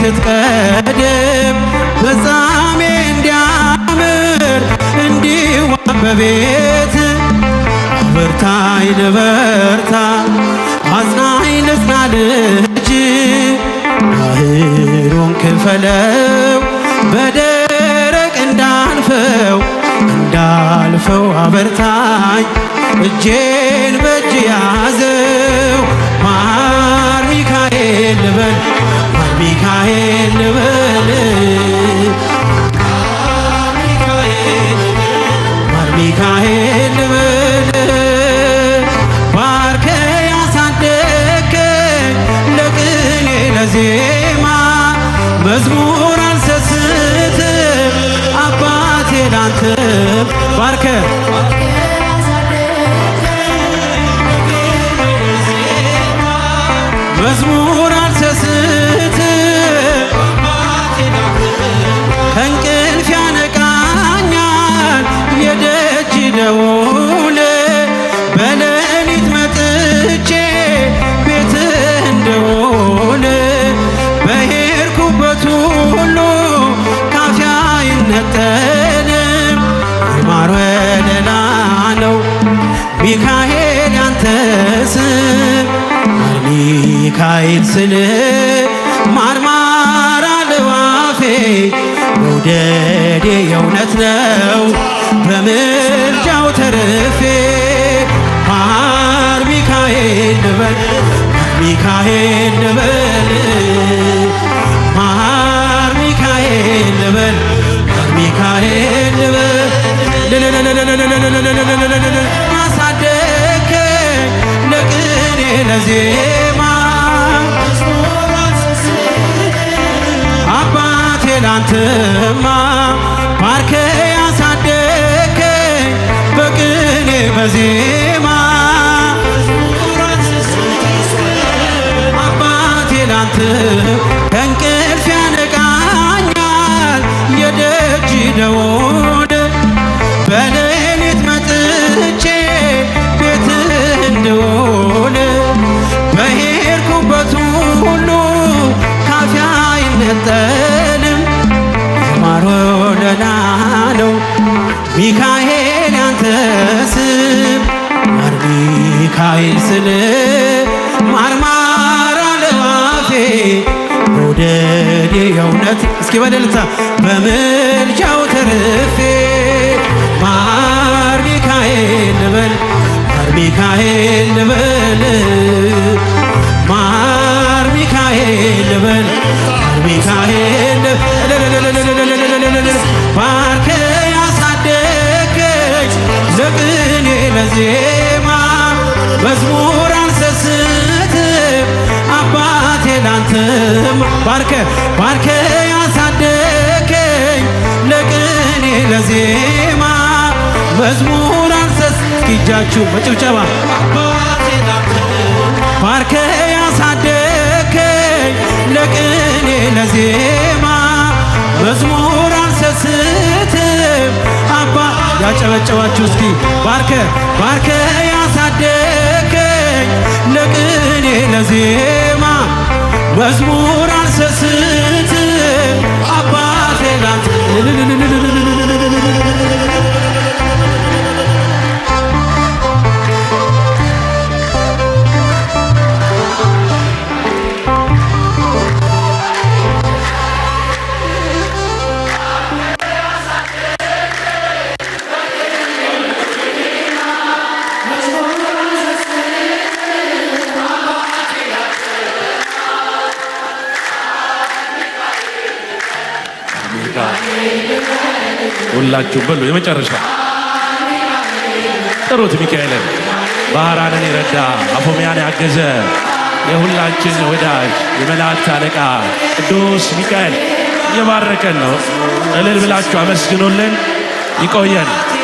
ስትቀድም ፍጻሜ እንዲያምር እንዲዋብ በቤት በርታይ ልበርታ አጽናኝ ነጽና ልጅ ባህሩን ክፈለው በደረቅ እንዳልፈው እንዳልፈው አበርታኝ እጄን በእጅ ያዘው ማር ሚካኤል ልበል ሚካኤል ንበል ማር ሚካኤል ባርከ ለቅኔ ለዜማ መዝሙር አልሰስትም አባቴ ላንተ ባርከ መዝሙር በሌሊት መጥቼ ቤት እንደሆነ በሄድኩበት ሁሉ ካፌ አይነጠልም። ይማር ወለላ ነው ሚካኤል ያንተ ስም ሚካኤል ስል ማርማራ ልዋፌ መውደዴ የእውነት ነው በምን ሚካኤል ማር ሚካኤል ልበል ሚካኤል ለቅኔ ለዜማ አባቴ ላንተማ ባርከ በቅኔ ከእንቅልፍ ያነቃኛል የደጅ ደወል በሌሊት መጥቼ ቤት እንድውል በሄድኩበት ሁሉ ካፊ አይነጠልም ማሮ ለላለው ሚካኤል ያንተ ስም ማር ሚካኤል ስል የእውነት እስኪ በደልታ በምልጃው ተርፌ ማር ሚካኤል ልበል ማር ሚካኤል ልበል ማር ሚካኤል ልበል ማር ሚካኤል ላንተማ ባርከ ባርከ ያሳደከኝ ለቅኔ ለዜማ መዝሙር አንሰስ እስኪጃችሁ በጭብጨባ ባርከ ያሳደከኝ ለቅኔ ለዜማ መዝሙር አንሰስትም አባ ያጨበጨባችሁ እስኪ ባርከ ባርከ ያሳደ መዝሙር አልሰስ ሁላችሁ በሉ የመጨረሻ ጥሩት። ሚካኤልን ባህራንን የረዳ አፎሚያን ያገዘ የሁላችን ወዳጅ የመላእክት አለቃ ቅዱስ ሚካኤል እየባረከን ነው። እልል ብላችሁ አመስግኑልን። ይቆየን።